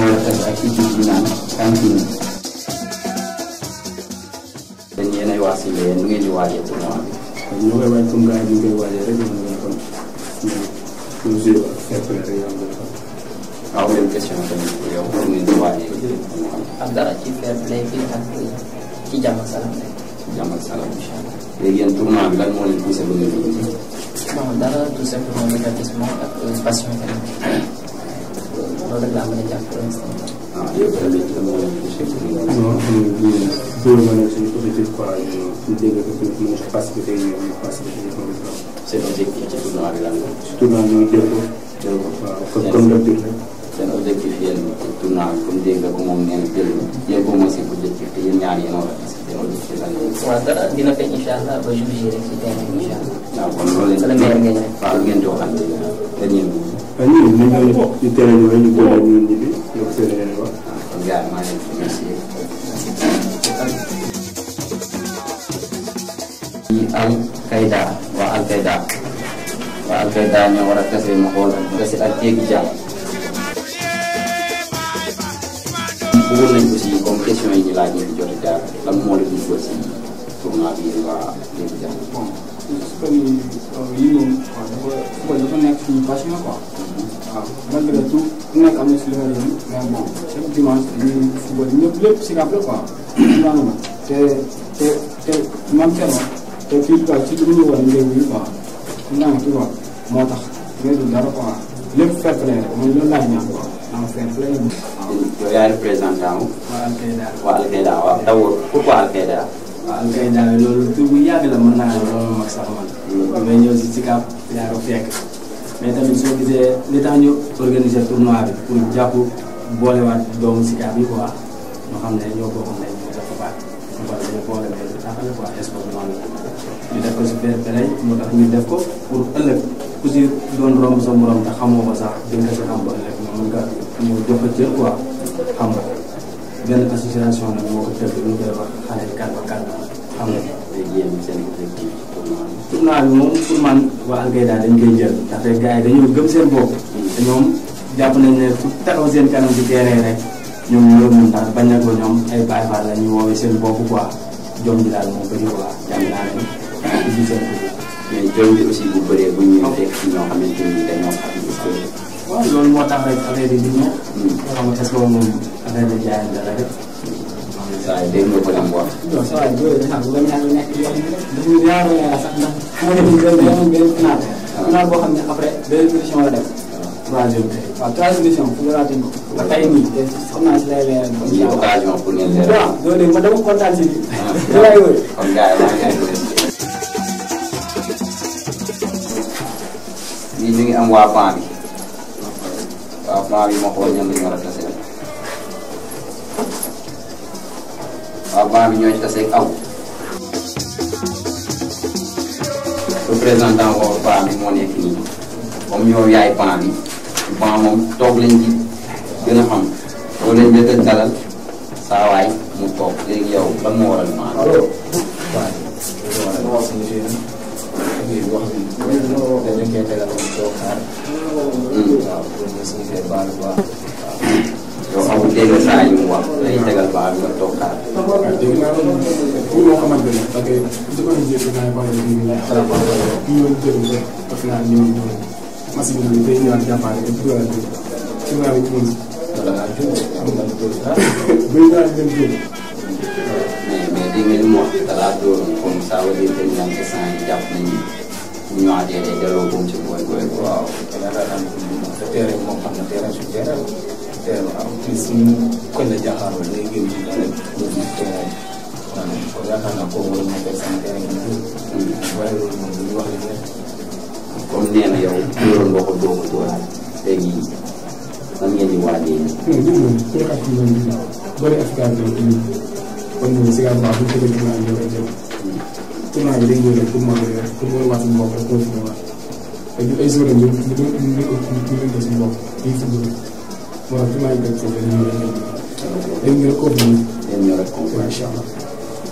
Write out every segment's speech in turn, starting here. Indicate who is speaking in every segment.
Speaker 1: IFM ak UDIS bi naan cantine.
Speaker 2: yéen yéenay waa Sylvain yéen ngeen di waajee tournoi bi.
Speaker 1: ñu koy waaj comme gars yi ñu koy waajee rek ñu ngi kon ñu ngi joué ak fair play rek
Speaker 2: waaw même question tamit pour yow pour ngeen di waajee. ak dara ci fair play fii ak ci jàmm ak salaam rek. ci jàmm ak salaam incha allah.
Speaker 1: léegi yéen tournoi bi lan moo leen poussé ba ngeen dugg ci. bon dara tout simplement mécanisme ak passion tamit. loolu rek laa mën a jàpp pour l'instant. ah yow tamit dama leen di seq. non xam nga bii góor ma ne suñu objectif quoi ñu dégg ko fi mu pacifié ñoom ñu pacifié ñoom ñu ko. seen objectif ci tournoi bi lan la. ci tournoi bi ñu dégg ko. dégg ko waaw comme comme
Speaker 2: d'habitude rek. seen objectif yéen ci tournage comme dégg ko mom neen jël yéen ko mooy seen objectif te yéen ñaar yeen a ci a gis seen objectif lan la. waaw dara dina fe inshallah ba jour J ci terrain inshallah
Speaker 1: na allah. lolé kon loolu la ngeen ngeen waaw lu ngeen joxante te ñun.
Speaker 2: waaw ñun ñu ñoo ñu ko ci terrain ñu ñu ko ñu ñu ñi bi yokk seen yeneen wax. kon gars maa leen ci remercier. yi Al qaida wa Al qaida wa Al qaida ñu wara tassé mo xol ak tase ak jéegi jàmm. bëggoon nañ aussi comme question yi ñu laaj ñu fi jot a jaar lan moo la ñu aussi tournoi bi yéen waa Léegi Jàmm. bon
Speaker 3: comme yii moom waaw dafa dafa nekk suñu passion quoi. waaw malgré tout ku nekk am na si lu mel nii mais bon chaque dimanche dañuy football ñëpp lépp si kàpp la quoi.
Speaker 1: maanaam te te te man tellement te kii quoi ci li ñu war a njëriñu quoi naa tu vois moo tax mais du dara quoi lépp fair play rek man loolu laa ñaan quoi naa fair play
Speaker 3: yow yaay représentant wu. waa Alkaida waaw daw pourquoi Alkaida. waaw Alkaida loolu tur bu yàgg la mën naa ne loolu mag sax man. Mm. damay ñëw si Sicap yaa ko fekk. mais tamit soo gisee li tax ñu organiser tournoi bi pour jàpp boolewaat doomu Sicap yi quoi ñu xam ne ñoo bokk nañ ñu def ko baax. wala ñu boole mais lu tax la quoi sport noonu la ñu def ko si benn benn moo tax ñu def ko pour ëllëg ku si doon romb sa morom te xamoo ko sax di nga ko si xam ba ëllëg. mooy gàtt moo jox ko cër quoi xam nga benn association nag moo ko tëgg ñu koy wax xale Kalba Kalba xam nga. tournoi bi moom pour man waa a dañ koy jël ndaxte gars yi dañoo gëm seen bopp mm. te ñoom jàpp nañ ne fu taxaw seen kanam ci terrain rek ñoom loolu moom tax bañ na ko ñoom ay Baay Faal la ñu woowee seen bopp quoi jom ji daal moom bëri na waa jàmm naa leen di seen
Speaker 2: mais jom bi aussi bu bëree bu ñu fekk si ñoo xamante ni dañoo xam loolu moo
Speaker 3: tax rek affaire yi di ñëw. nga xamante ne moom affaire bi jaay na dara rek. waaw dégg nga ko daan wax. non ça va loolu dafa am lu nekk yoo xam ne dañuy sax ndax xam nga ni benn benn final. Ah. final boo xam ne après benn émission la dem. Ah. troisième waaw troisième émission fukki ko. ba tey nii te xam naa si lay leeral. ñu occasion pour ngeen leeral. waaw loolu de man dama kontaan si lii. waaw ah. waaw kon gars yi wax
Speaker 2: ngeen ñu ngi am waa PAM bi. waaw plan bi ma xool ñan lañu war a tase waaw plan ñoo ci tase aw représentant woo plan bi moo nekk nii comme yow yaay plan bi plan moom toog lañ ci gën a xam loolu lañ
Speaker 1: njëkk a dalal saa waay mu toog léegi yow lan moo waral plan
Speaker 2: bi Pedro que ia o cara. Hum. Assim, que é barba lá. Eu amo dele essa aí, uma. Aí pega a barba e toca.
Speaker 1: Mas se não me tem, eu acho que a parte é pura. Se não é o itu. eu digo. Obrigado, itu? Deus. Mais dingin itu. talaga
Speaker 2: kung sa wali din lang sa isang job bu ñu adhéré delloo ko ci booy booy bi. waaw te yaakaar naa ne moom te terrain bi moom xam na
Speaker 1: terrain suñu terrain la. terrain am ci suñu koñ la jaaxaaroo léegi ngeen ji dara loolu terrain bi. kon yaakaar naa kooku war nañu def sama terrain bi ñu. waaye loolu moom
Speaker 2: lu ñu wax la ñu comme nee na yow yoroon nga ko doo ko dooraat léegi nan ngeen di waajee.
Speaker 1: tey ak ñu doon bëri askan bi ñu kon ñu si gàllankoor bi ñu ko defee tournoi bi day ñëw rek pour mën a yor pour mën a waat suñu bopp rek continué waat te ñun ay zone ñu ñu doon ñu doon ko suñu bopp ñu ngi football voilà tournoi bi dañ ko dañ ñëw rek dañ ñëw rek continué. dañ ñëw rek continué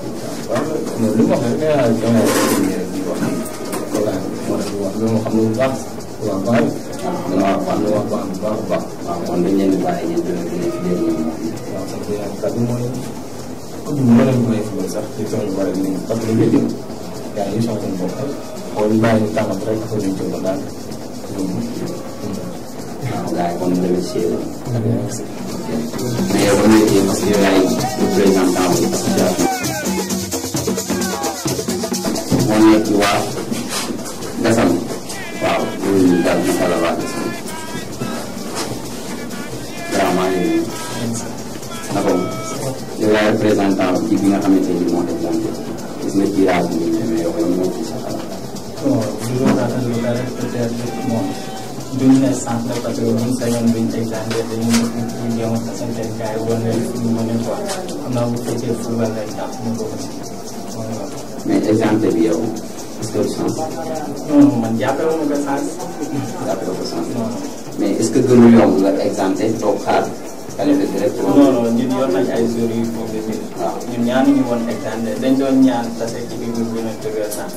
Speaker 1: incha allah. waaw non li mu wax rek nee naa jamono bi ñu rek di wax voilà moo tax wax loolu xam nga bu baax waaw baax na waaw wax na wax baax bu baax baax. waaw kon dañ leen di bàyyi ñun tamit dinañ fi déglu ñu wax. waaw sant yàlla kàddu mooy comme ni ma leen ko may fi sax ci sama bari nii parce que lu yaa ngi soxla seen bopp boo ñu bàyyi tànn rek affaire yi jóg daal.
Speaker 2: waaw gars yi kon dama ci yéen. ba nekkee parce que yow yaay représentant wu association. moo nekk waa Gassam. waaw loolu ñu waa Gassam.
Speaker 1: vraiment yéen naka yow yaay représentant
Speaker 2: ci bi किया आदमी ने मैं वही
Speaker 3: पूछा during the sample patrolling seven vintage and the Indian percentage guy won a money for now which
Speaker 1: is full and like that. मैं exam पे भी हूँ इसके साथ
Speaker 3: यहाँ पे हूँ मेरे साथ यहाँ पे हूँ साथ मैं इसके गुरु में
Speaker 2: हूँ एग्जाम पे तो
Speaker 3: खास non non ñun yor nañ ay jours yu foofu waaw ñun ñaanu ñu woon externe dañ doon ñaan tase ci biir ñun gën a tëggal sax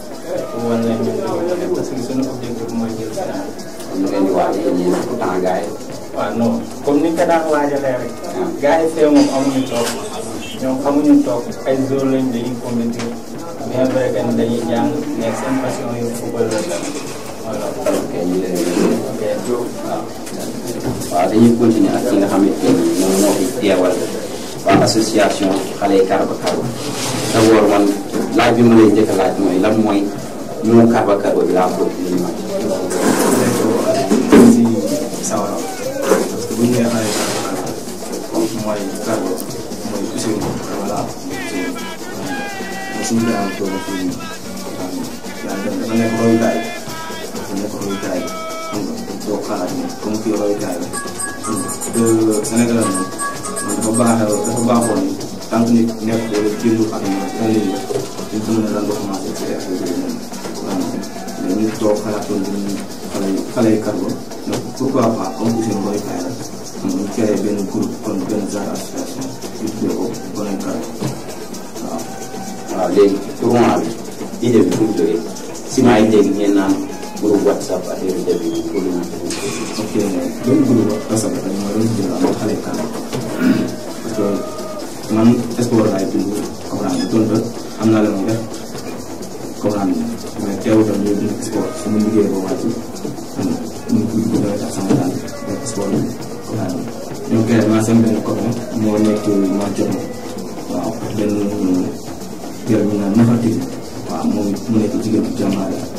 Speaker 3: pour wan leen ñun ñu parce que suñu objectif mooy
Speaker 1: jël final. kon ñu leen di waaj yéen pourtant gars
Speaker 3: yi. waaw non comme ni ñu ko daan waajalee rek. Ah. gars yi fee moom amuñu toog ñoom xamuñu toog ay jours lañ dañuy compétir bien vrai que dañuy jàng mais seen passion yu football la tamit voilà. ok ñu leen di. ok waaw.
Speaker 2: waaw dañuy continuer ak ki nga xamante ni moo fi teewal waa association xale yi Karba Karba d'abord man laaj bi ma lay njëkk a laaj mooy lan mooy ñoom Karba
Speaker 1: Karba bi laa bëgg li ñu parce que bu ñu xale mooy Karba mooy Ousseynou voilà suñu daan toog fi ñu yàlla dafa nekk royukaay dafa nekk royukaay xam nga boo xalaatee comme fii royukaay la te Sénégal moom dafa baax dafa baaxoon ni tant que nit nekk wala jëndul ak ñoom benn nit ñu gëm ne lan nga commencé ci ay affaire yooyu noonu waaw ñu toog xalaatoon nañu xale yu xale mu
Speaker 2: si maa ngi dégg ngeen naan. WhatsApp ak yooyu jafe yi pour ñu. ok loolu bëgg
Speaker 1: jël am xale kanam que man espoir laay dund comprendre naa la ma def comprendre nga mais teewul tam yooyu dund espoir su ma liggéeyee ba wàcc moo nekk maa jot ma waaw mu nekk jigéen bu jàmbaare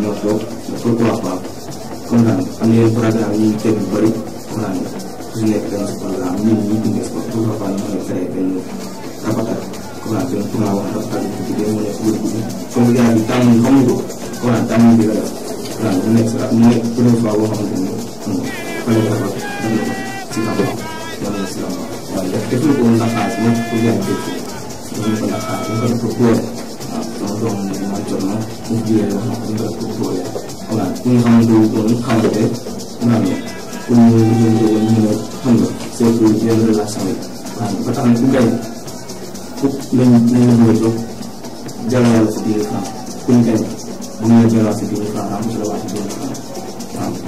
Speaker 1: ñoo toog pourquoi apa kemudian naan am yeneen programme yi teg yu bëri comme naan su nekk benn programme ñun ñi dundee sport pourquoi pas ñu mën a créé benn rapatage comme naan benn pour wax rapatage bu ci dem mu nekk wër bi comme gars yi tàmm xamuñ ko comme naan tàmm bi la def comme naan mu nekk mu nekk première fois boo xamante တော့မှာကျွန်တော်ဒီကြေရတာဒီလိုပို့ရဟုတ်လားဒီဟန်ဒူကိုခံရတယ်နာမည်ကိုရင်းရင်းရင်းနဲ့ဟုတ်လားစေကူရင်းရလာဆိုင်ဘာတန်ကူကဲခုလင်းနေလို့ဂျာလာစတီကကိုကဲဘုံ
Speaker 2: ဂျာလာစတီကအားမစလာစတီက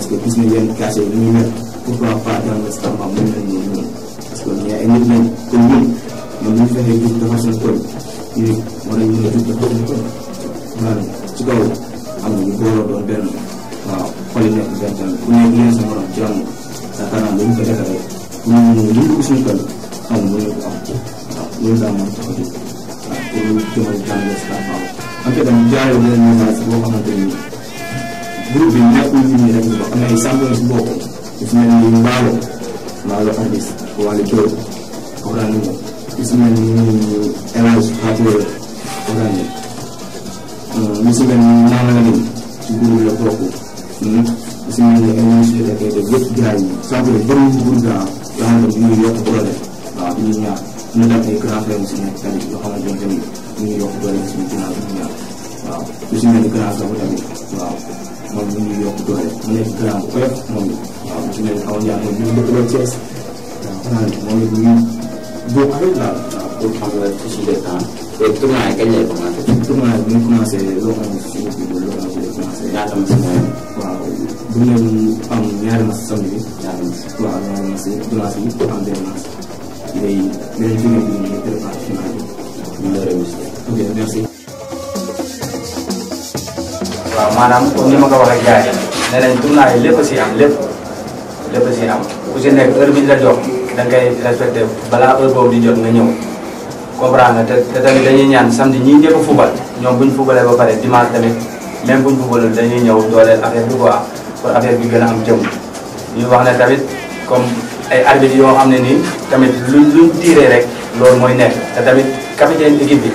Speaker 1: parce que gis nañ leen cachet yi ñu pourquoi pas dans le stade maam mën nañ parce que ñee ay nit lañ te ñun ñoom ñu fexee gis defar seen tool ñu war a ñëw jub ci am ñu ku sa morom ko ñu ñu ko suñu ñu ko am ñu le groupe bi nekkul nit ñi rek ñu am ay champion si bopp su mel ni Mbaalo Mbaalo artiste wala Diop waxtaan nañu su mel ni Elage Fatou waxtaan nañu ñu si mel ni Nana Lim si groupe la bokk su mel ni ay ministres da koy def yëpp gars yi champion bëri nañu groupe daa ah. yoo xamante ni ñu yokk doole waaw ñu ñaar ñu def ay grand frère si nekk tamit yoo xamante ni ñu yokk doole suñu ginnaaw ñu ñaar waaw lu si mel ni grand Gamou tamit waaw moom mu ngi yokk doole mu nekk grand bu oyof moom waaw lu si mel ni xaw ma ñu ngi dëkk Thiès waaw moom it ñu boo xarit daal waaw pour xam nga suñu des temps léegi tournoi yi kañ lay commencé tournoi bi ñu commencé loo xam ne suñu bi loo xam ne commencé ñaata ma si moom waaw bu ñu am ñaari mas samedi ñaari mas waaw ñaari mas dimanche yi am benn mas léegi beneen journée bi ñu ngi préparé final bi ñu ngi lay remercier ok merci
Speaker 3: waaw maanaam comme ni ma ko waxee jaay nee nañ tournoi yi lépp a si am lépp lépp si am ku si nekk heure la jox da ngay respecté balaa heure boobu di jot nga ñëw comprendre nga te te tamit dañuy ñaan samedi ñii njëkk a fubal ñoom bu ñu fubalee ba pare dimanche tamit même bu ñu fubalul dañuy ñëw dooleel affaire bi quoi pour affaire bi gën a am jëm ñu wax ne tamit comme ay arbitre yoo xam ne nii tamit lu luñ tiiree rek loolu mooy nekk te tamit capitaine équipe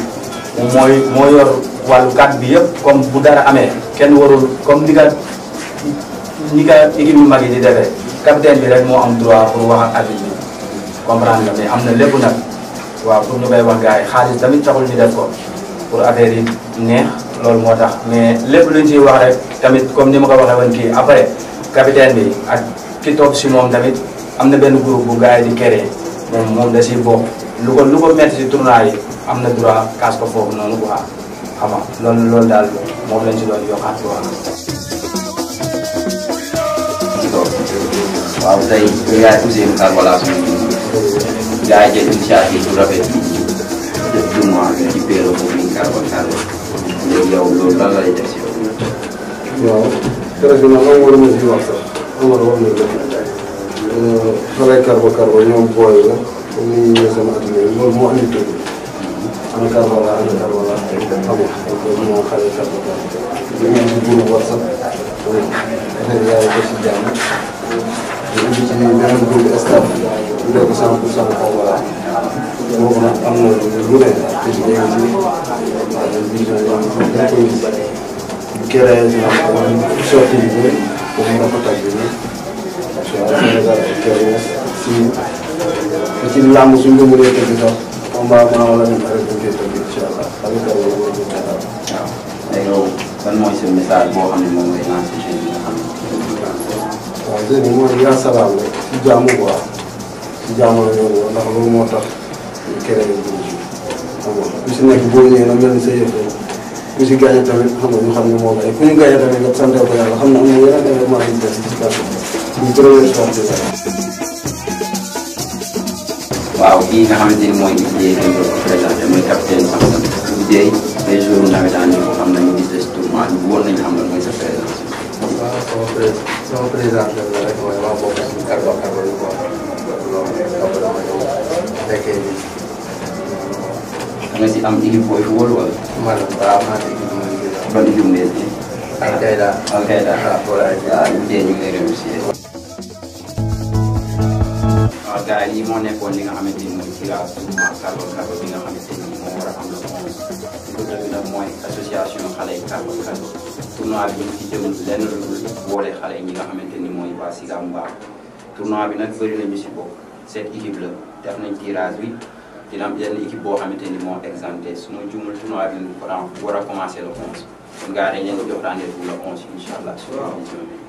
Speaker 3: bi mooy moo yor. wàllu cadre bi yëpp comme bu dara amee kenn warul comme ni nga ni ka équipe yu mag yi di defee capitaine bi rek moo am droit pour wax ak arbitre bi comprendre am na lépp nag waaw pour ñu koy wax gars yi xaalis tamit taxul ñu def ko yi loolu moo tax mais lépp luñ ciy wax rek tamit comme ni ma ko waxee woon kii après capitaine bi ak ki toog si moom tamit am na benn groupe bu gars yi di créé moom moom da si bokk lu ko lu ko métti si tournoi yi am na droit kaas ko foofu noonu quoi. xam-xam loolu loolu daal moom lañ ci doon yokkaat ci wàllu. waaw tey
Speaker 2: yaay Ousseynou Kane wala suñu yaay jël initiative bu rafet bi def jumaa bi ci péro bu ñu Karbon Karbon léegi yow loolu lan lay def si yow.
Speaker 1: waaw keroog bi nag amoon nañu si wax sax amoon wax nañu euh, ko xale Karbon Karbon ñoom an Karbala an Karbala ak WhatsApp yàlla def si jàmm di indi ci beneen groupe staff bu dee ko 100 pour 100 Karbala boobu nag am na lu ne te ci dégg si waaw ñun bii dañu dañ koy créé si naan wala sorti bi nii pour mu rafetal bi nii waaw Sénégal ak Kébémer si ci làmb suñ ko mënee tëgg sax combat bu naan
Speaker 2: la ñu arrêté bu gëstu bi incha allah avec la wala wala incha allah. waaw léegi yow lan mooy seen
Speaker 1: message boo xam ne moom ngay lancer jeunes yi nga xam ne. waaw jeunes yi mooy yaa salaam rek ci jàmm bu baax ci jàmm la ñu woon ndax loolu moo tax ñu créé bu ñu xam nga ku si nekk boo ñëwee nag mel ni sa yëf ku si gaañ tamit xam nga ñu xam ne moom ay ku ñu gaañ tamit nga sant ko yàlla xam ne am na yeneen éléments yu bees ci kàddu gi ñu premier waaw
Speaker 2: kii nga xamante ni mooy Idy Dieye ko présenté mooy capitaine Samson Idy Dieye les jours nawetaan yi xam nañu gis des tournois ñu wóor nañu xam lan mooy sa présence. waaw sama pré sama présence la rek mooy maa bokk ci Karba Karba yu ko fekkee ni. da nga si am équipe booy football wala. man waaw maa ngi équipe mooy. ban équipe ngeen di. Al Qaeda Al Qaeda waaw ñu ngi lay remercier. parce que gars yi moo nekkoon li nga xamante ni mooy tirage souvent Karba Karba bi nga xamante ni moo war a am mooy association xale yi Karba Karba tournoi bi ñu ci lenn lu dul boole xale ñi nga xamante ni mooy waa Sika Mbaaw tournoi bi nag bëri nañu si bopp cette équipe la def nañ tirage bi. dina am benn équipe boo xamante ni moo exempté su ma juumul tournoi bi mu war a commencé le 11 kon gars dañ leen jox rendez-vous le 11